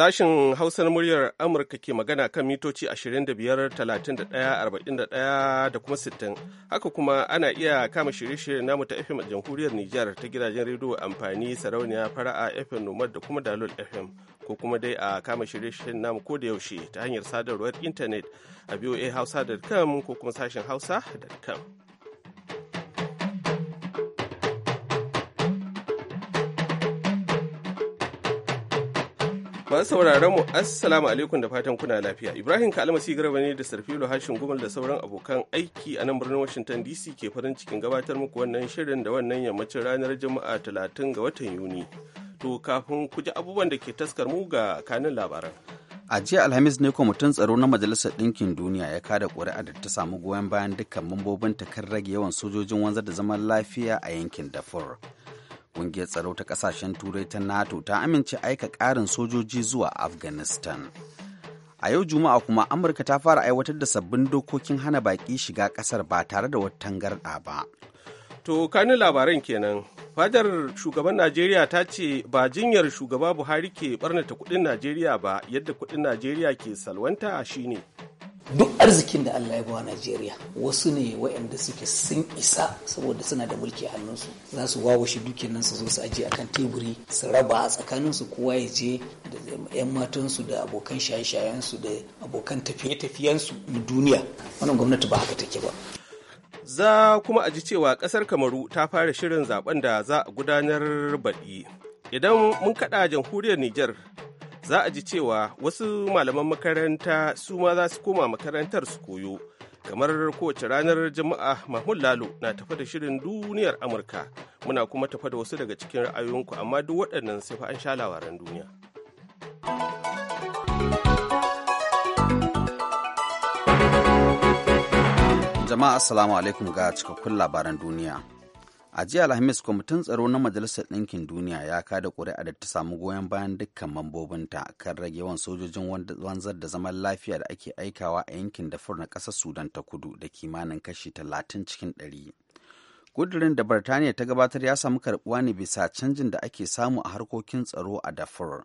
Sashen Hausar muryar Amurka ke magana kan mitoci 25, 31, da kuma 60. Haka kuma ana iya kama shirye-shiryen namu ta FM a jamhuriyar Nijar ta gidajen rediyo amfani sarauniya fara'a FM Nomad da kuma Dalol FM. Ko kuma dai a kama shirye-shiryen namu ko da yaushe ta hanyar sadarwar intanet a voahausa.com ko kuma sashen hausa.com. Masu sauraron mu assalamu alaikum da fatan kuna lafiya. Ibrahim si Garba ne da Sarfilo Hashin Gumal da sauran abokan aiki a nan birnin Washington DC ke farin cikin gabatar muku wannan shirin da wannan yammacin ranar Juma'a talatin ga watan Yuni. To kafin ku ji abubuwan da ke taskar mu ga kanin labaran. a jiya alhamis ne kwamitin tsaro na majalisar ɗinkin duniya ya kada ƙuri'a da ta samu goyon bayan dukkan mambobin ta kan rage yawan sojojin wanzar da zaman lafiya a yankin dafur Ƙungiyar tsaro ta ƙasashen Turai ta NATO ta amince aika ƙarin sojoji zuwa Afghanistan. A yau Juma'a kuma Amurka ta fara aiwatar da sabbin dokokin hana baƙi shiga ƙasar ba tare da wata tangarɗa ba. To kanin labaran kenan. Fadar shugaban Najeriya ta ce ba jinyar shugaba Buhari ke barnata kuɗin Najeriya ba yadda kuɗin Najeriya ke salwanta shine. duk arzikin da Allah ya bawa Najeriya wasu ne waɗanda suke sun isa saboda suna da mulki a hannunsu za su wawashe dukiyar nan su zo su aje akan teburi su raba a tsakanin su kowa ya je da matan su da abokan shaye su da abokan tafiye tafiyen su na duniya wannan gwamnati ba haka take ba za kuma a ji cewa kasar kamaru ta fara shirin zaben da za a gudanar baɗi idan mun kaɗa jamhuriyar niger za a ji cewa wasu malaman makaranta su ma za su koma makarantar su koyo kamar kowace ranar jama'a mahmud lalo na tafa da shirin duniyar amurka muna kuma tafa da wasu daga cikin ra'ayoyinku amma duk waɗannan sai fa an sha labaran duniya jama'a assalamu alaikum ga cikakkun labaran duniya a jiya alhamis kwamitin tsaro na majalisar ɗinkin duniya ya kada ƙuri'a da ta samu goyon bayan dukkan mambobinta kan rage yawan sojojin wanzar da zaman lafiya da ake aikawa a yankin dafur na ƙasar sudan ta kudu da kimanin kashi talatin cikin ɗari ƙudurin da birtaniya ta gabatar ya samu karɓuwa ne bisa canjin da ake samu a harkokin tsaro a dafur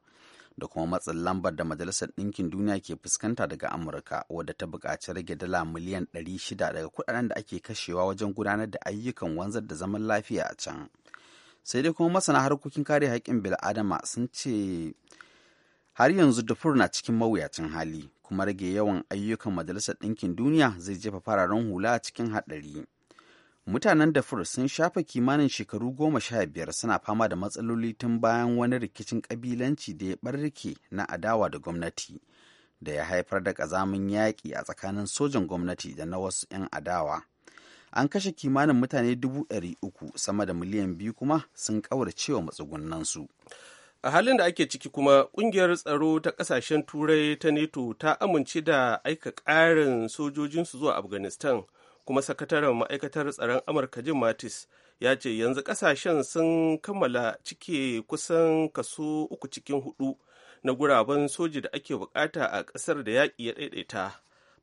da kuma matsin lambar da majalisar ɗinkin duniya ke fuskanta daga amurka wadda ta buƙaci rage dala miliyan 600 daga kuɗaɗen da ake kashewa wajen gudanar da ayyukan wanzar da zaman lafiya a can sai dai kuma masana harkokin kare haƙƙin bil'adama sun ce har yanzu dufur na cikin mawuyacin hali kuma rage yawan ayyukan majalisar ɗinkin duniya zai jefa fararen hula cikin haɗari mutanen dafur sun shafa kimanin shekaru goma sha biyar suna fama da matsaloli tun bayan wani rikicin kabilanci da ya barrike na adawa da gwamnati da ya haifar da ƙazamin yaƙi a tsakanin sojan gwamnati da na wasu 'yan adawa an kashe kimanin mutane dubu ɗari uku sama da miliyan biyu kuma sun ƙaurace wa matsugunansu a halin da ake ciki kuma ƙungiyar tsaro ta ƙasashen turai ta neto ta amince da aika ƙarin sojojinsu zuwa afghanistan kuma sakataren ma'aikatar tsaron amurka jim mattis ya ce yanzu kasashen sun kammala cike kusan kaso uku cikin hudu na guraben soji da ake bukata a kasar da yaƙi ya ɗaiɗaita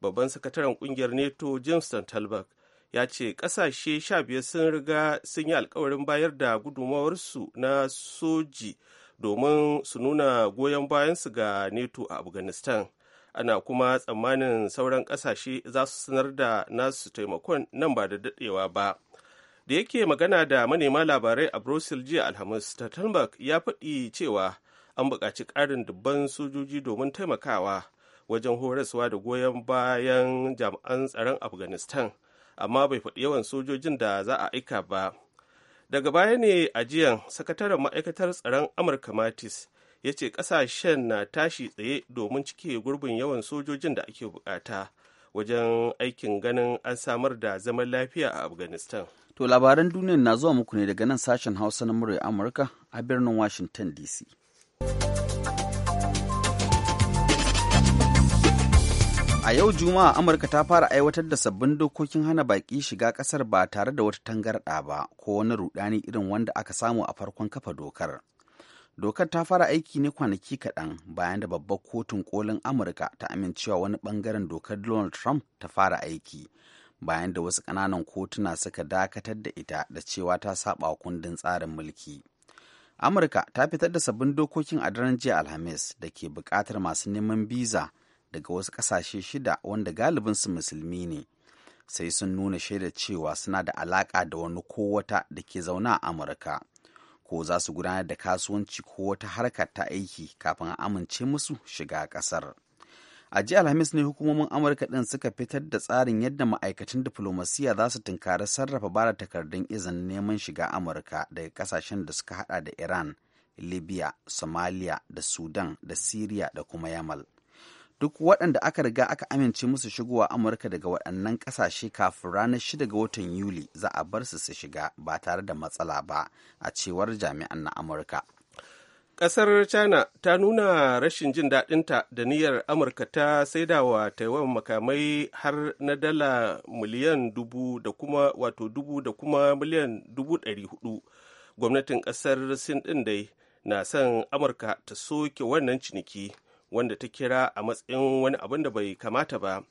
babban sakataren ƙungiyar neto James talberg ya ce kasashe sha biyar sun riga sun yi alkawarin bayar da gudunmawarsu na soji domin su nuna goyon bayansu ga neto a afghanistan ana kuma tsammanin sauran ƙasashe za su sanar da nasu taimakon nan ba da daɗewa ba da yake magana da manema labarai a brussels jiya alhamis tattalmark ya faɗi cewa an buƙaci ƙarin dubban sojoji domin taimakawa wajen horaswa da goyon bayan jami'an tsaron afghanistan amma bai faɗi yawan sojojin da za a aika ba daga baya ne ajiyan sakataren ma'aikatar tsaron amurka matis ya ce kasashen na tashi tsaye domin cike gurbin yawan sojojin da ake bukata wajen aikin ganin an samar da zaman lafiya a afghanistan to labaran duniya na zuwa muku ne daga nan sashen hausa na murya amurka a birnin washington dc A yau Juma'a Amurka ta fara aiwatar da sabbin dokokin hana baki shiga kasar ba tare da wata tangarɗa ba ko wani rudani irin wanda aka samu a farkon kafa dokar. dokar ta fara aiki ne kwanaki kaɗan bayan da babbar kotun kolin amurka ta amincewa wani ɓangaren dokar donald trump ta fara aiki bayan da wasu ƙananan kotuna suka dakatar da ita da cewa ta saba kundin tsarin mulki amurka ta fitar da sabbin dokokin a daren jiya alhamis da ke buƙatar masu neman biza daga wasu ƙasashe shida wanda galibin su musulmi ne sai sun nuna shaidar cewa suna da alaƙa da wani ko wata da ke zauna a amurka ko za su gudanar da kasuwanci ko wata harkar ta aiki kafin a amince musu shiga ƙasar. a jiya alhamis ne hukumomin amurka ɗin suka fitar da tsarin yadda ma'aikatan diflomasiya za su tunkari sarrafa bara takardun izinin neman shiga amurka daga kasashen da suka hada da iran libya somalia da sudan da syria da kuma yamal duk waɗanda aka riga aka amince musu shigowa amurka daga waɗannan ƙasashe kafin ranar 6 ga watan yuli za a bar su su shiga ba tare da matsala ba a cewar jami'an na amurka ƙasar china ta nuna rashin jin daɗinta da niyyar amurka ta saida wa taiwan makamai har na dala miliyan dubu da kuma wato dubu da kuma miliyan dubu ɗari hudu gwamnatin ƙasar sin ɗin dai na son amurka ta soke wannan ciniki wanda ta kira a matsayin wani abin da bai kamata ba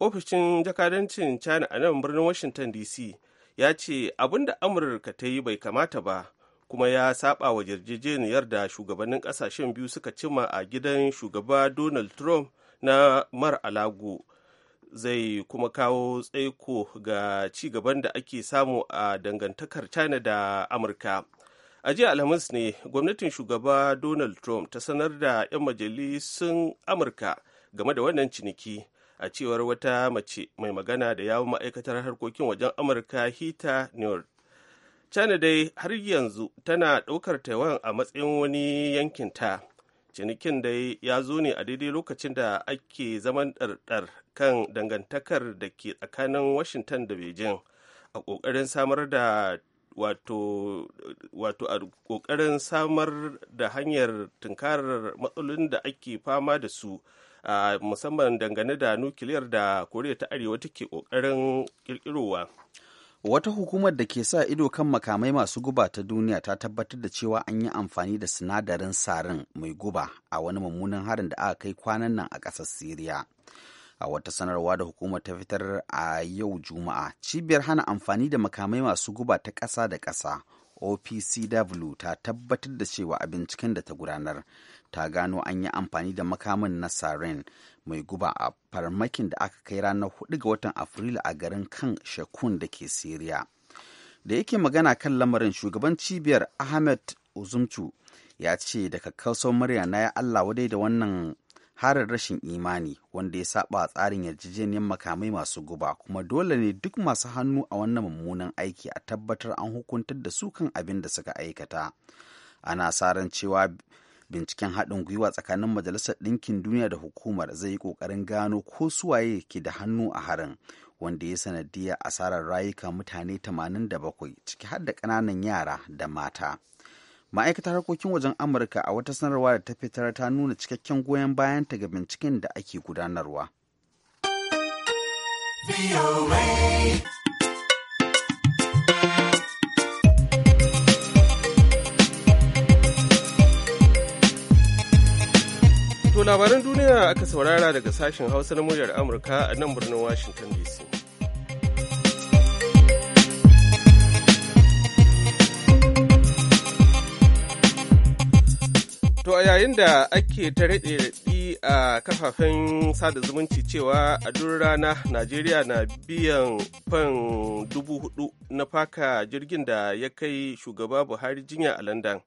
ofishin jakadancin china a nan birnin washington dc ya ce abin da amurka ta yi bai kamata ba kuma ya saba wa yarjejeniyar da shugabannin kasashen biyu suka cima a gidan shugaba donald trump na mar alago zai kuma kawo tsaiko ga ci gaban da ake samu a dangantakar china da amurka a jiya alhamis ne gwamnatin shugaba donald trump ta sanar da 'yan majalisun amurka game da wannan ciniki a cewar wata mace mai magana da yawon ma'aikatar harkokin wajen amurka hita newell china dai har yanzu tana ɗaukar taiwan a matsayin wani yankin ta cinikin dai ya zo ne a daidai lokacin da ake zaman ɗarɗar kan dangantakar da ke tsakanin washington da beijing a ƙoƙarin samar da wato wato a kokarin samar da hanyar tunkarar matsalolin da ake fama da su a musamman dangane da nukiliyar da koriya ta arewa take kokarin kirkirowa wata hukumar da ke sa ido kan makamai masu guba ta duniya ta tabbatar da cewa an yi amfani da sinadarin sarin mai guba a wani mummunan harin da aka kai kwanan nan a ƙasar siriya a wata sanarwa da hukumar ta fitar a yau juma'a cibiyar hana amfani da makamai masu guba ta ƙasa da ƙasa opcw ta tabbatar da cewa a binciken da ta gudanar ta gano an yi amfani da makamin na sarin mai guba a farmakin da aka kai ranar 4 ga watan afrilu a garin kan shakun da ke siriya da yake magana kan lamarin shugaban cibiyar ahmed uzumtu ya ce daga kakkausar murya na ya allah wadai da wannan harin rashin imani wanda ya saba tsarin yarjejeniyar makamai masu guba kuma dole ne duk masu hannu a wannan mummunan aiki a tabbatar an hukuntar da su kan abin da suka aikata ana sa ran cewa binciken haɗin gwiwa tsakanin majalisar ɗinkin duniya da hukumar zai yi ƙoƙarin gano ko suwaye ke da hannu a harin wanda ya sanadiyar asarar rayuka mutane 87 ciki har da ƙananan yara da mata ma'aikatar harkokin wajen amurka a wata sanarwa da ta fitar ta nuna cikakken goyon bayan ta ga binciken da ake gudanarwa To labaran duniya aka saurara daga sashen hausa na muryar amurka a nan birnin washington dc To a yayin da ake ta raɗe a kafafen sada zumunci cewa a duk rana Najeriya na biyan fan dubu hudu na faka jirgin da ya kai shugaba Buhari jinya a London.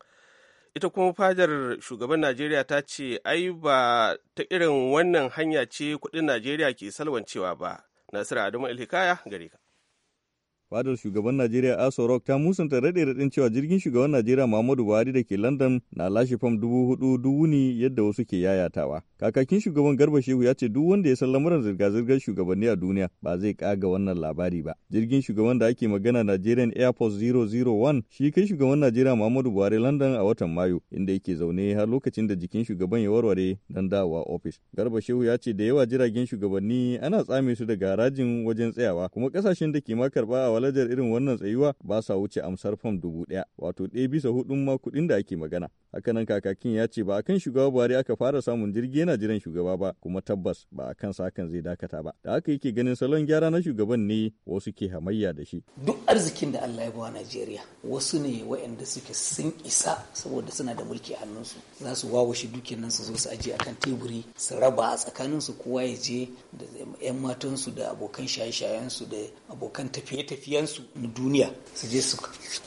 Ita kuma fadar shugaban Najeriya ta ce ai ba ta irin wannan hanya ce kudin Najeriya ke salwancewa ba. Nasiru Adamu Ilhikaya gare ka. fadar shugaban najeriya aso rock ta musanta raɗe raɗin cewa jirgin shugaban najeriya muhammadu buhari da ke london na lashe fam dubu hudu dubu ne yadda wasu ke yayatawa kakakin shugaban garba shehu ya ce duk wanda ya san lamuran zirga-zirgar shugabanni a duniya ba zai kaga wannan labari ba jirgin shugaban da ake magana nigerian zero 001 shi kai shugaban najeriya muhammadu buhari london a watan mayu inda yake zaune har lokacin da jikin shugaban ya warware don dawowa ofis garba shehu ya ce da yawa jiragen shugabanni ana tsame su daga harajin wajen tsayawa kuma kasashen da ke ma karba a walajar irin wannan tsayuwa ba sa wuce amsar fam dubu ɗaya wato ɗaya bisa hudun ma kuɗin da ake magana hakanan kakakin ya ce ba a kan shugaba buhari aka fara samun jirgi yana jiran shugaba ba kuma tabbas ba a kan sakan zai dakata ba da haka yake ganin salon gyara na shugaban ne wasu ke hamayya da shi duk arzikin da allah ya bawa najeriya wasu ne wa'anda suke sun isa saboda suna da mulki a hannunsu za su wawashi dukiyar nan su zo su ajiye akan teburi su raba a tsakaninsu kowa ya je da 'yan matansu da abokan shaye-shayensu da abokan tafiye-tafiye tafiyansu na duniya su je su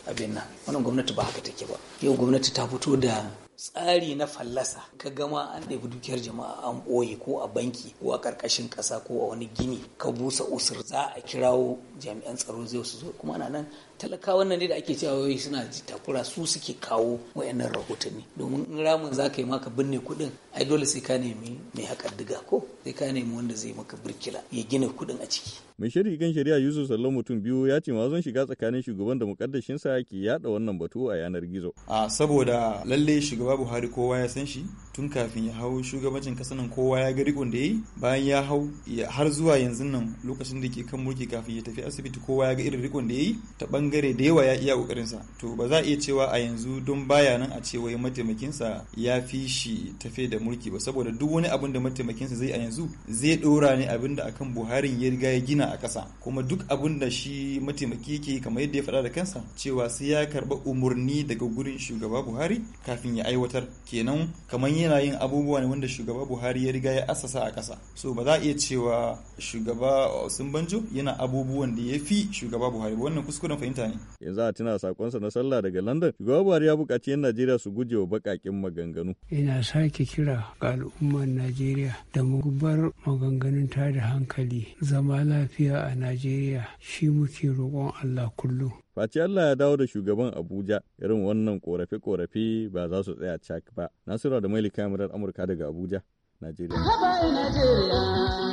abin nan wani gwamnati ba haka take ba yau gwamnati ta fito da tsari na fallasa ka gama an ɗebi dukiyar jama'a an ɓoye ko a banki ko a ƙarƙashin ƙasa ko a wani gini ka busa usur za a kirawo jami'an tsaro zai su zo kuma ana nan talakawan nan ne da ake cewa wai suna takura su suke kawo wayannan rahotanni domin in ramin zaka yi maka binne kuɗin ai dole sai ka nemi mai haƙar diga ko sai ka nemi wanda zai maka birkila ya gina kuɗin a ciki. mai shiri kan shari'a yusuf sallo mutum biyu ya ce mazan shiga tsakanin shugaban da mukaddashinsa ke yada wannan batu a yanar gizo. a saboda lalle shugaba buhari kowa ya san shi tun kafin ya hau shugabancin kasa nan kowa ya ga rikon da ya yi bayan ya hau har zuwa yanzu nan lokacin da ke kan mulki kafin ya tafi asibiti kowa ya ga irin rikon da ya yi ta bangare da yawa ya iya kokarinsa to ba za a iya cewa a yanzu don baya nan a ce wai mataimakinsa ya fi shi tafe da mulki ba saboda duk wani abin da mataimakinsa zai a yanzu zai dora ne abin da akan buhari ya riga ya gina a ƙasa kuma duk abin da shi mataimaki yake kamar yadda ya faɗa da kansa cewa sai ya karba umarni daga gurin shugaba buhari kafin ya aiwatar kenan kamar yana yin abubuwa ne wanda shugaba buhari ya riga ya asasa a ƙasa so ba za a iya cewa shugaba sun banjo yana abubuwan da ya fi shugaba buhari ba wannan kuskuren fahimta fahimta ne. Yanzu a tuna sakonsa na sallah daga London, shugaba Buhari ya buƙaci 'yan Najeriya su guje wa baƙaƙen maganganu. Ina sake kira ga al'ummar Najeriya da mu bar maganganun tada hankali zama lafiya a Najeriya shi muke roƙon Allah kullum. Faci Allah ya dawo da shugaban Abuja irin wannan korafe-korafe ba za su tsaya cak ba. Nasiru da Maili kamarar Amurka daga Abuja, Najeriya. Najeriya.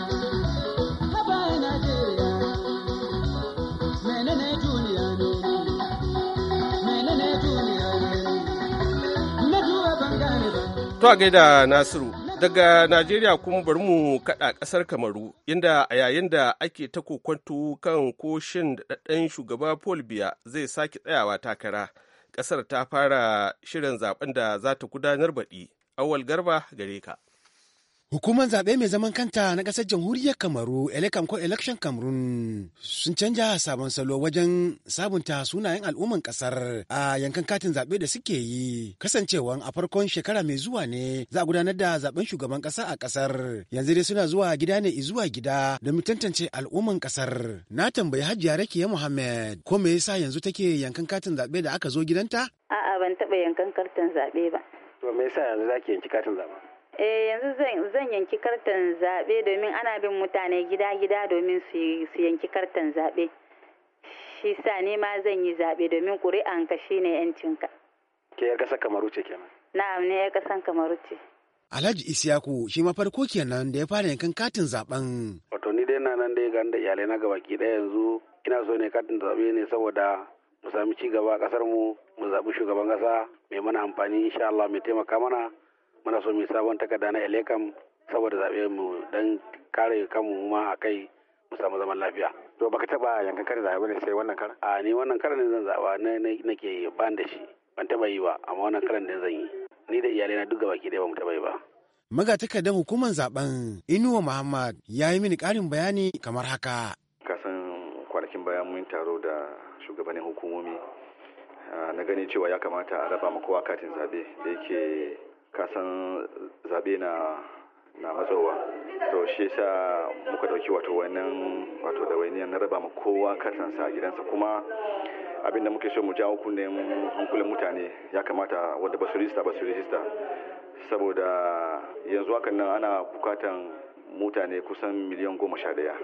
Menene To a gaida Nasiru, daga Najeriya kuma bari mu kaɗa ƙasar Kamaru, inda a yayin da ake ta kokwanto kan koshin daɗaɗɗen shugaba Paul Biya zai sake tsayawa takara. Ƙasar ta fara shirin zaben da za ta gudanar baɗi. Awal Garba gare ka. Hukumar zaɓe mai zaman kanta na ƙasar jamhuriyar Kamaru, Elekam ko Election Cameroon sun canja sabon salo wajen sabunta sunayen al'umman ƙasar a yankan katin zaɓe da suke yi. kasancewa a farkon shekara mai zuwa ne za a gudanar da zaɓen shugaban ƙasa a ƙasar. Yanzu dai suna zuwa gida ne zuwa gida domin tantance al'umman ƙasar. Na tambayi Hajiya Rakiya Muhammad ko me yasa yanzu take yankan katin zaɓe da aka zo gidanta? A'a ban taɓa yankan katin zaɓe ba. To me yasa yanzu zaki yanki katin zaɓe? eh yanzu zan yanki kartan zaɓe domin ana bin mutane gida-gida domin su yanki kartan zaɓe. Shi sa ne ma zan yi zaɓe domin ka shi ne ‘yancinka. Ke ‘yar ƙasar Kamaru ce kenan? Na'am ne ‘yar ƙasar Kamaru ce. Alhaji Isiyaku shi ma farko kenan da ya fara yankan katin zaɓen. Wato ni dai na nan dai ga da iyalai na gabaki ɗaya yanzu ina so ne katin zaɓe ne saboda mu sami ci gaba a ƙasar mu mu zaɓi shugaban ƙasa mai mana amfani insha Allah mai taimaka mana muna so mu sabon takarda na elekam saboda zaɓe mu dan kare kanmu ma a kai mu samu zaman lafiya. To baka taɓa yankan kare zaɓe ne sai wannan karan? A ni wannan karan ne zan zaɓa na ke ban da shi ban taɓa yi ba amma wannan karan ne zan yi. Ni da iyalai na duk ke dai ba mu taɓa yi ba. takardar hukumar zaben Inuwa Muhammad ya yi mini ƙarin bayani kamar haka. Kasan kwanakin bayan mun taro da shugabannin hukumomi na gani cewa ya kamata a raba ma kowa katin zaɓe da yake kasan zaɓe na na matsowa to shi sa muka ɗauki wato wannan wato da wani na raba ma kowa katansa a gidansa kuma abin da muke so mu jawo kunnen hankulan mutane ya kamata wanda ba su rijista ba su rijista saboda yanzu hakan nan ana bukatan mutane kusan miliyan goma sha ɗaya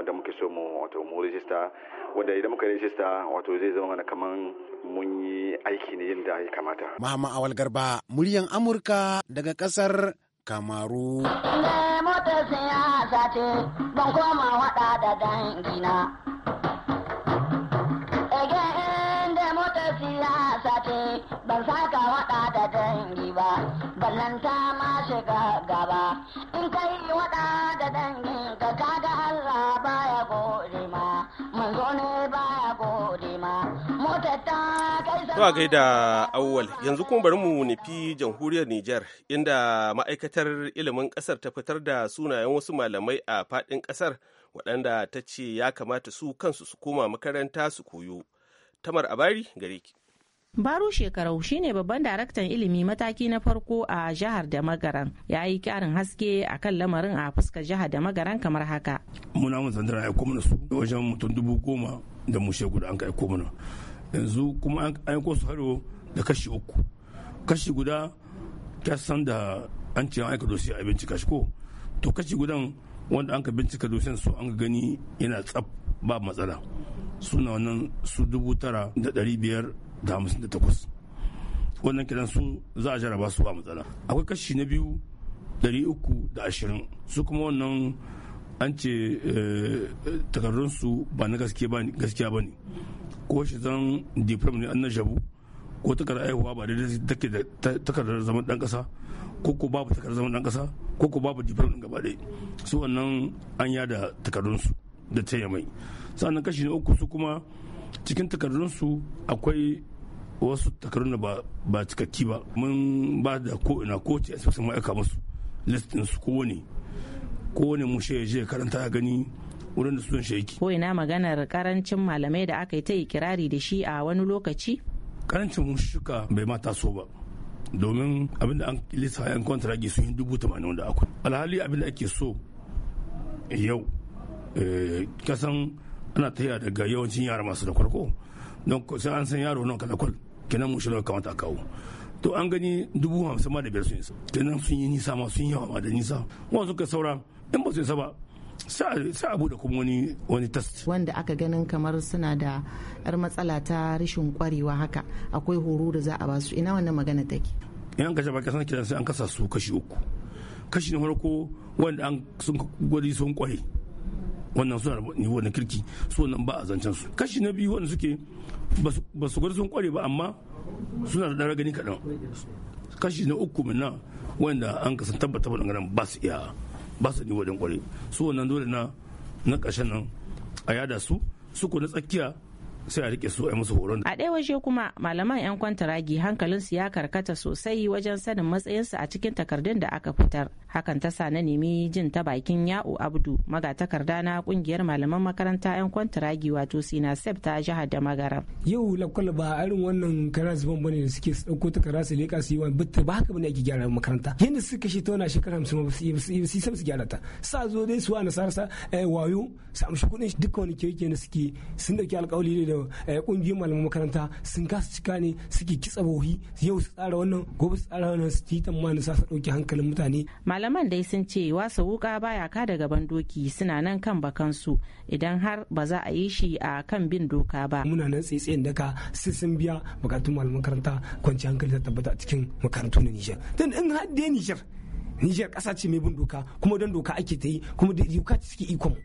wanda muke so mu wato mu rijista wanda idan muka rijista wato zai zama mana kaman mun yi aiki ne yadda ya kamata. Mahama Awal Garba muryan Amurka daga kasar Kamaru. Ne motar siyasa ce ban koma waɗa da dangina. Ege inda motar siyasa ce ban saka waɗa da dangi ba, ballanta ma shiga gaba in kai wada da dangi To a gaida awwal yanzu kuma bari mu nufi jamhuriyar Nijar inda ma'aikatar ilimin kasar ta fitar da sunayen wasu malamai a fadin kasar waɗanda ta ce ya kamata su kansu su koma makaranta su koyo. Tamar Abari gare ki. Baru Shekarau shine babban daraktan ilimi mataki na farko a jihar da magaran ya yi kyarin haske a kan lamarin a fuskar jihar da magaran kamar haka. Muna mun sandara ya komuna su wajen mutum dubu goma da mushe guda an ka aiko yanzu kuma an aiko su haro da kashi uku kashi guda ta san da an ce an aika dosiya a bincika shi ko to kashi gudan wanda an ka bincika dosiyan su an gani yana tsab ba matsala suna wannan su dubu tara da dari biyar da hamsin da takwas wannan kiran su za a jaraba su ba matsala akwai kashi na biyu dari uku da ashirin su kuma wannan an ce eh, takardunsu ba na gaskiya ba ne ko shi zan diplom ne an na jabu ko takardar aihuwa ba daidai take da takardar zaman dan kasa ko ko babu takardar zaman dan kasa ko ko babu diplom din gaba ɗaya su wannan an yada takardunsu da taya mai sannan kashi na uku su kuma cikin takardunsu akwai wasu takardun da ba cikakki ba mun ba da ko ina ko ce a ma'aika musu listin su kowane ko ne mu shi je karanta a gani wurin da sun sheki. Ko ina maganar karancin malamai da aka yi ta ikirari da shi a wani lokaci? Karancin shuka bai ma taso ba. Domin abin da an lissa yan kwantaragi sun yi dubu tamanin wanda akwai. Alhali abin da ake so eh, yau eh, kasan ana tafiya daga yawancin yara masu da kwarko don sai an san yaro nan kwal kenan mushe da kamata ta kawo. To an gani dubu hamsin ma da biyar sun yi sa. kenan sun yi nisa ma sun yi yawa ma da nisa. Wasu ka saura in ba su isa ba sa abu da kuma wani wani test wanda aka ganin kamar suna da yar matsala ta rashin kwarewa haka akwai horo da za a ba su ina wannan magana take in an kashe baki san kiran sai an kasa su kashi uku kashi na farko wanda an sun gwari sun kware wannan suna da nivo na kirki su wannan ba a zancen su kashi na biyu wanda suke ba su gwari sun kware ba amma suna da ragani kaɗan kashi na uku nan wanda an kasan tabbata ba ba su iya ba su ni don kwarai su wannan dole na na ƙarshen nan a yada su su ko na tsakiya sai a rike su a musu horon. A ɗaya waje kuma malaman 'yan kwantaragi hankalin su ya karkata sosai wajen sanin matsayinsu a cikin takardun da aka fitar. Hakan ta sa na nemi jin ta bakin Ya'u Abdu magatakarda na kungiyar malaman makaranta 'yan kwantaragi wato Sina Sef ta jihar da Magara. Yau lakwal ba irin wannan kara zuban da suke ɗauko ta su leƙa su yi wani bitta ba haka bane ake gyara makaranta. Yanda suka shi tona shekara hamsin ba su yi su gyara ta. Sa zo dai su wa sa eh, wayo su amshi kuɗin dukkan wani kyauke na suke sun ɗauki alƙawali da kungiyoyin eh, malaman makaranta sun kasa cika ne suke kitsa bohi yau su tsara wannan gobe su tsara wannan su titan ma na sasa dauki hankalin mutane malaman dai sun ce wasa wuka baya ka da gaban doki suna nan kan bakansu idan har ba za a yi shi a kan bin doka ba muna nan tsaitsayin daka sai sun biya bukatun malaman makaranta kwanci hankali ta tabbata cikin makarantu na Nijar dan in har dai Nijar Nijar ƙasa ce mai bin doka kuma don doka ake ta yi kuma da doka suke ikon mu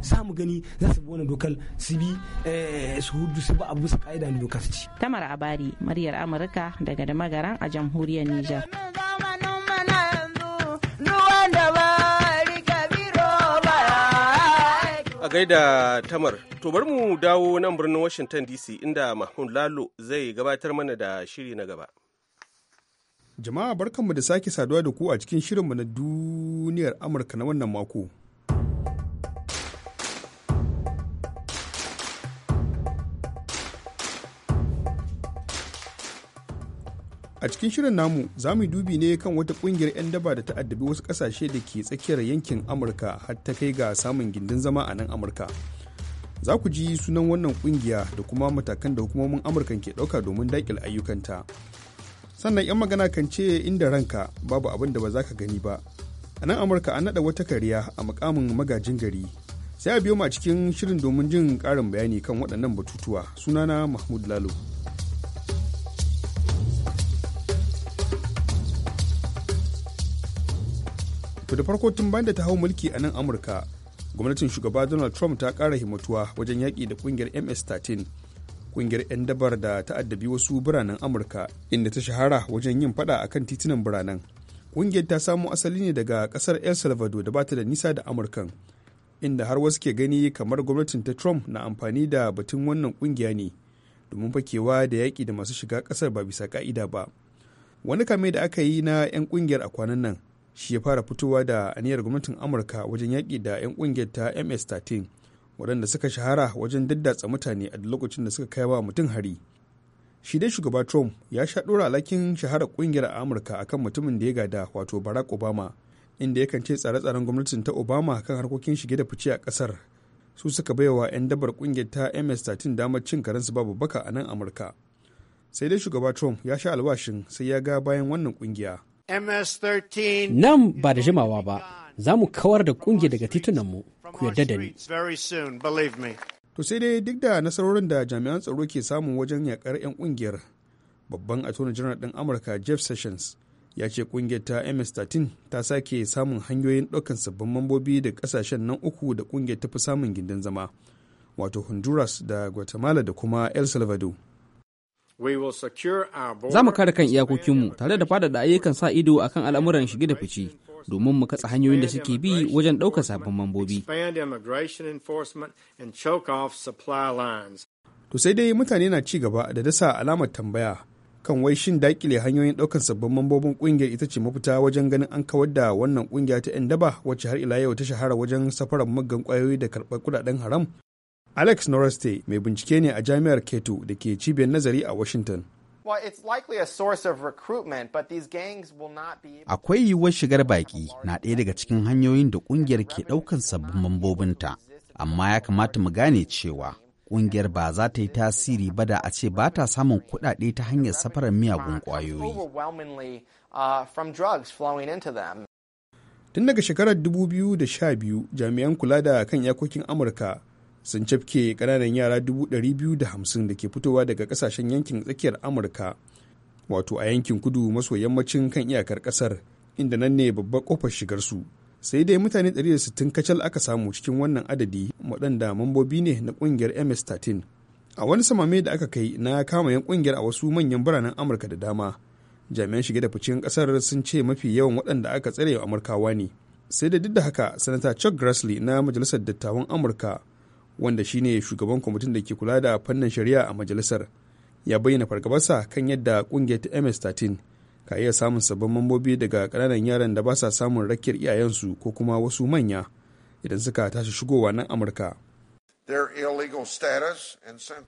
samu gani za su bi wani dokar su bi eh, su hudu su bi abu su ka'ida da dokar ci. Tamar Abari, maryar Amurka daga da magaran a jamhuriyar Nijar. A gaida Tamar, to bari mu dawo nan birnin Washington DC inda Mahmud Lalo zai gabatar mana da shiri na gaba. Jama'a barkanmu da sake saduwa da ku a cikin shirinmu na duniyar Amurka na wannan mako. A cikin shirin namu za mu dubi ne kan wata kungiyar 'yan daba da ta addabi wasu kasashe da ke tsakiyar yankin Amurka har ta kai ga samun gindin zama a nan Amurka. Za ku ji sunan wannan kungiya da kuma matakan da hukumomin Amurka ke ɗauka domin daƙil ayyukanta. Sannan 'yan magana kan ce inda ranka babu abin da ba za ka gani ba. A nan Amurka an naɗa wata kariya a mukamin magajin gari. Sai a biyo ma cikin shirin domin jin ƙarin bayani kan waɗannan batutuwa. Sunana Mahmud Lalo. to da farko tun bayan da ta hau mulki a nan amurka gwamnatin shugaba donald trump ta kara himmatuwa wajen yaƙi da ƙungiyar ms-13 ƙungiyar 'yan dabar da ta addabi wasu biranen amurka inda ta shahara wajen yin fada kan titunan biranen ƙungiyar ta samo asali ne daga ƙasar el salvador da bata da nisa da amurkan inda har wasu ke gani kamar gwamnatin ta trump na amfani da batun wannan ƙungiya ne domin fakewa da yaƙi da masu shiga ƙasar ba bisa ƙa'ida ba wani kame da aka yi na 'yan ƙungiyar a kwanan nan shi ya fara fitowa da aniyar gwamnatin amurka wajen yaƙi da 'yan ƙungiyar ta ms-13 waɗanda suka shahara wajen daddatsa mutane a lokacin da suka kai wa mutum hari shi dai shugaba trump ya sha ɗora alakin shahara ƙungiyar a amurka akan mutumin da ya gada wato barack obama inda ya ce tsare-tsaren gwamnatin ta obama kan harkokin shige da fice a ƙasar su suka baiwa 'yan dabar ƙungiyar ta ms-13 damar cin karensu babu baka a nan amurka sai dai shugaba trump ya sha alwashin sai ya ga bayan wannan ƙungiya Nan ba da jimawa ba, za mu kawar da ƙungiya daga titunanmu, ku yarda da ni. To sai dai duk da nasarorin da jami'an tsaro ke samun wajen yakar 'yan ƙungiyar, babban attorney general ɗin Amurka Jeff Sessions ya ce ƙungiyar ta MS-13 ta sake samun hanyoyin ɗaukan sabbin mambobi da ƙasashen nan uku da ƙungiyar ta fi samun gindin zama, wato Honduras da Guatemala da kuma El Salvador. Za mu kare kan iyakokinmu tare da fadada ayyukan sa ido a kan al'amuran shige da fice domin mu katsa hanyoyin da suke bi wajen ɗaukar sabbin mambobi. To sai dai mutane na ci gaba da dasa alamar tambaya kan wai shin daƙile hanyoyin ɗaukar sabbin mambobin ƙungiyar ita ce mafita wajen ganin an kawar da wannan ƙungiya ta 'yan daba wacce har ila yau ta shahara wajen safarar muggan ƙwayoyi da karɓar kuɗaɗen haram Alex Noreste mai bincike ne a jami'ar Keto da ke cibiyar nazari a Washington. Akwai yiwuwar shigar baƙi na ɗaya daga cikin hanyoyin da ƙungiyar ke ɗaukan sabbin mambobinta, amma ya kamata mu gane cewa ƙungiyar ba za ta yi tasiri ba da a ce ba ta samun kuɗaɗe ta hanyar safarar miyagun uh, ƙwayoyi. Uh, Tun daga shekarar 2012, jami'an kula da kan yakokin Amurka sun cafke kananan yara biyu da ke fitowa daga kasashen yankin tsakiyar amurka wato a yankin kudu maso yammacin kan iyakar ƙasar inda nan ne babbar ƙofar su. sai dai mutane 160 kacal aka samu cikin wannan adadi waɗanda mambobi ne na ƙungiyar ms-13 a wani samame da aka kai na kama yan ƙungiyar a wasu manyan biranen amurka da dama jami'an shige da ficen ƙasar sun ce mafi yawan waɗanda aka tsare amurkawa ne sai da duk da haka sanata chuck grassley na majalisar dattawan amurka wanda shine shugaban kwamitin da ke kula da fannin shari'a a majalisar ya bayyana fargabarsa kan yadda kungiyar ta ms-13 ka iya samun sabbin mambobi daga kananan yaran da ba sa samun rakiyar iyayensu ko kuma wasu manya idan suka tashi shigowa nan amurka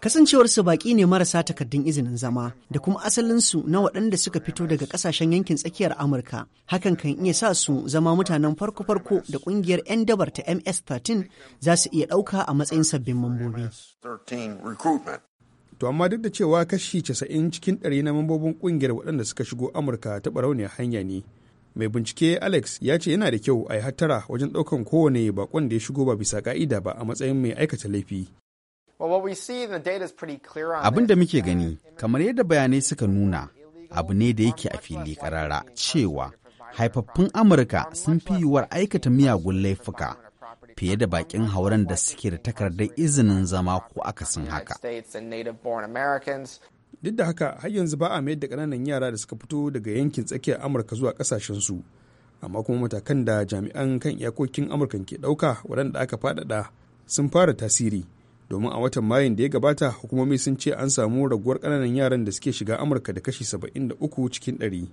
Kasancewarsu baƙi ne marasa takardun izinin zama da kuma asalinsu na waɗanda suka fito daga ƙasashen yankin tsakiyar Amurka. Hakan kan iya sa su zama mutanen farko-farko da ƙungiyar 'yan dabar ta MS-13 za su iya ɗauka a matsayin sabbin mambobi. To amma duk da cewa kashi 90 cikin ɗari na mambobin ƙungiyar waɗanda suka shigo Amurka ta ne hanya ne. mai bincike alex ya ce yana da kyau a yi hattara wajen ɗaukan kowane bakon da ya shigo ba bisa ka'ida ba a matsayin mai aikata laifi abin da muke gani kamar yadda bayanai suka nuna abu ne da yake a fili karara cewa haifaffun amurka sun fi yiwuwar aikata miyagun laifuka fiye da bakin hauren da suke da takardar izinin zama ko akasin haka duk da haka har yanzu ba a mayar da kananan yara da suka fito daga yankin tsakiyar amurka zuwa su amma kuma matakan da jami'an kan iyakokin amurka ke ɗauka waɗanda aka faɗaɗa sun fara tasiri domin a watan mayun da ya gabata hukumomi sun ce an samu raguwar ƙananan yaran da suke shiga amurka da kashi 73 cikin ɗari.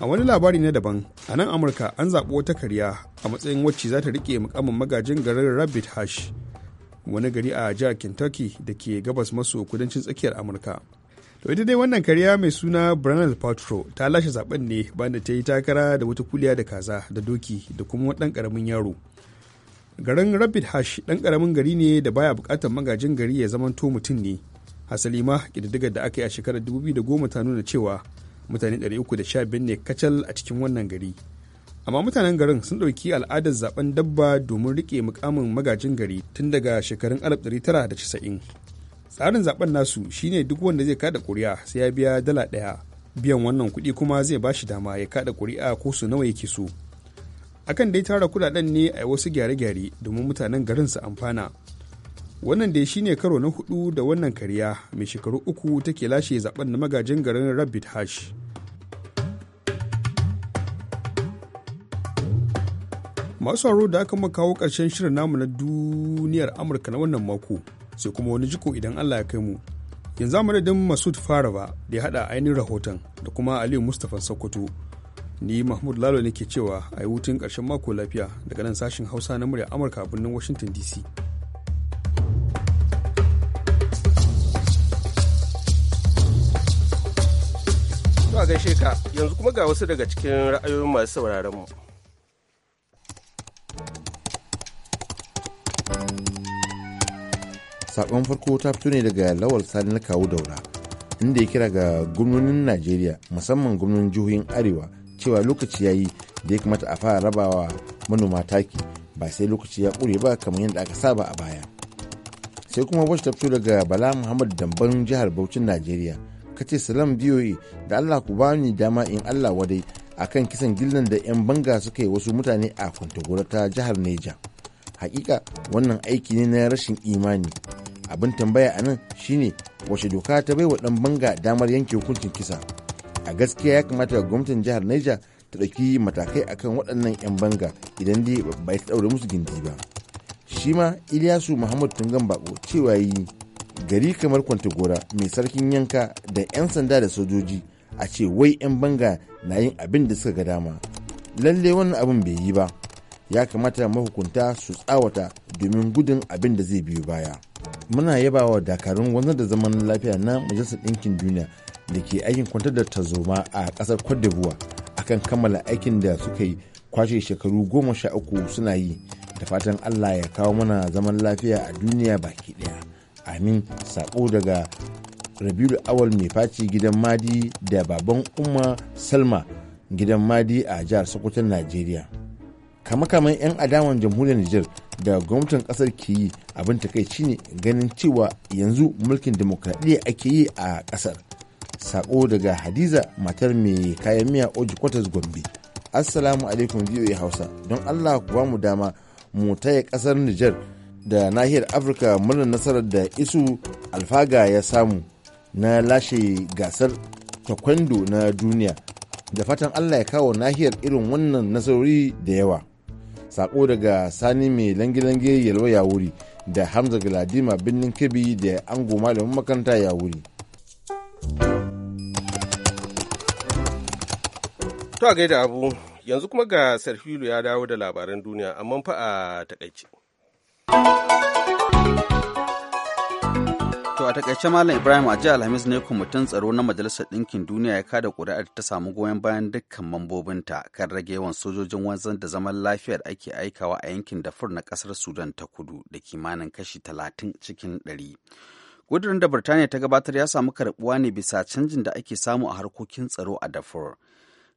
a wani labari na daban a nan amurka an zaɓi wata karya a matsayin wacce za ta riƙe mukamin magajin garin rabbit hash wani gari a jihar kentucky da ke gabas maso kudancin tsakiyar amurka to ita dai wannan kariya mai suna Bernard patro ta lashe zaben ne banda ta yi takara da wata kuliya da kaza da doki da kuma ɗan karamin yaro garin rapid hash ɗan ƙaramin gari ne da baya buƙatar magajin gari ya zamanto mutum ne hasali ma ƙididdigar da aka yi a shekarar 2010 ta nuna cewa mutane 315 ne kacal a cikin wannan gari amma mutanen garin sun ɗauki al'adar zaben dabba domin rike mukamin magajin gari tun daga shekarun 1990 tsarin zaben nasu shine duk wanda zai kada kuri'a sai ya biya dala ɗaya biyan wannan kuɗi kuma zai ba shi dama ya kada kuri'a ko su nawa yake so akan dai tara kudaden ne a wasu gyare-gyare domin mutanen garin su amfana wannan dai shine karo na hudu da wannan kariya mai shekaru uku take lashe zaben na magajin garin rabbit hash masu haro da aka kawo ƙarshen shirin namu na duniyar amurka na wannan mako sai kuma wani jiko idan allah ya kai mu yanzu madadin masud faraba da ya haɗa ainihin rahoton da kuma aliyu mustapha sokoto ni mahmud lalo ne ke cewa a yi hutun ƙarshen mako lafiya daga nan sashen hausa na murya amurka a birnin washington dc zuwa gaishe ka yanzu kuma ga wasu daga cikin ra'ayoyin masu sauraron mu sakon farko ta fito ne daga lawal sani na kawo daura inda ya kira ga gwamnonin najeriya musamman gwamnonin jihohin arewa cewa lokaci ya yi da ya kamata a fara rabawa manoma taki ba sai lokaci ya ƙure ba kamar yadda aka saba a baya sai kuma wacce ta fito daga bala muhammad damban jihar Bauchin najeriya ka ce salam voa da allah ku ba ni dama in allah wadai akan kisan gillan da 'yan banga suka yi wasu mutane a kwantagora ta jihar neja hakika wannan aiki ne na rashin imani abin tambaya a nan shine wace doka ta baiwa dan banga damar yanke hukuncin kisa a gaskiya ya kamata gwamnatin jihar niger ta ɗauki matakai akan waɗannan 'yan banga idan dai bai ta ɗaure musu gindi ba shi ma iliyasu muhammad tungan bako cewa yi gari kamar kwantagora mai sarkin yanka da 'yan sanda da sojoji a ce wai 'yan banga na yin abin da suka ga dama lalle wannan abin bai yi ba ya kamata mahukunta su tsawata domin gudun abin da zai biyu baya muna yaba wa dakarun wanzar da zaman lafiya na majalisar ɗinkin duniya da ke aikin kwantar da tazoma a ƙasar cote d'ivoire akan kammala aikin da suka yi kwashe shekaru goma sha uku suna yi da fatan allah ya kawo mana zaman lafiya a duniya baki ɗaya amin sako daga rabiul awal mai faci gidan madi da baban umma salma gidan madi a jihar sokoton najeriya kama-kaman 'yan adaman jamhuriyar Nijar da gwamnatin kasar ke yi abin ta takaici ne ganin cewa yanzu mulkin demokradiyya ake yi a kasar. Sako daga Hadiza matar mai kayan miya Oji Kwatas Gombe. Assalamu alaikum VOA Hausa don Allah ku ba mu dama mu taya kasar Nijar da nahiyar Afirka murnar nasarar da Isu Alfaga ya samu na lashe gasar taekwondo na duniya da fatan Allah ya kawo nahiyar irin wannan nasarori da yawa. sako daga sani mai langilange yalwa ya wuri da hamza galadima birnin kebi da ango malamin makaranta ya wuri to a gaida abu yanzu kuma ga sarfilu ya dawo da labaran duniya amma fa a takaice To a takaice Malam Ibrahim a jihar Alhamis ne kwamitin tsaro na Majalisar Ɗinkin Duniya ya kada ƙuri'ar ta samu goyon bayan dukkan mambobinta kan rage yawan sojojin wanzan da zaman lafiya da ake aikawa a yankin dafur na ƙasar Sudan ta kudu da kimanin kashi talatin cikin ɗari. gudurin da Birtaniya ta gabatar ya samu karɓuwa ne bisa canjin da ake samu a harkokin tsaro a dafur.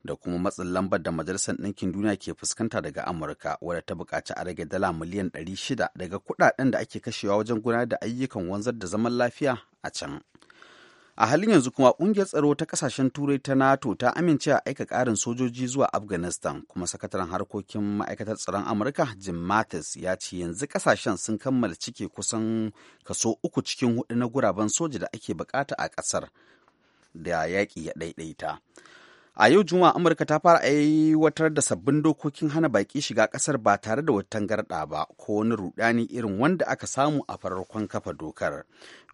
da kuma matsin lambar da majalisar ɗinkin duniya ke fuskanta daga amurka wadda ta buƙaci a rage dala miliyan 600 daga kuɗaɗen da ake kashewa wajen gudanar da ayyukan wanzar da zaman lafiya a can a halin yanzu kuma ƙungiyar tsaro ta kasashen turai ta nato ta amince a aika ƙarin sojoji zuwa afghanistan kuma sakataren harkokin ma'aikatar tsaron amurka jim mattis ya ce yanzu ƙasashen sun kammala cike kusan kaso uku cikin hudu na guraben soja da ake bukata a ƙasar da yaƙi ya ɗaiɗaita A yau Juma'a Amurka ta fara aiwatar da sabbin dokokin hana baki shiga kasar ba tare da wata tangarɗa ba ko wani rudani irin wanda aka samu a farkon kafa dokar.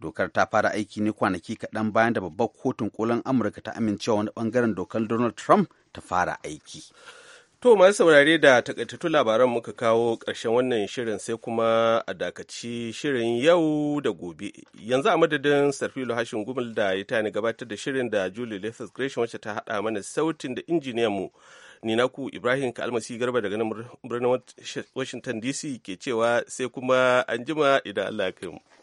Dokar ta fara aiki ne kwanaki kaɗan bayan da babbar kotun kolon Amurka ta amincewa wani ɓangaren dokar Donald Trump ta fara aiki. To masu saurare da takaitattu labaran muka kawo ƙarshen wannan shirin sai kuma a dakaci shirin yau da gobe. Yanzu a madadin Sarfilo Hashin Gumul da ya tani gabatar da shirin da Julie Lethal Gresham wacce ta haɗa mana sautin da injiniyan mu. Ni naku Ibrahim Kalmasi Garba daga nan birnin Washington DC ke cewa sai kuma an jima idan Allah ya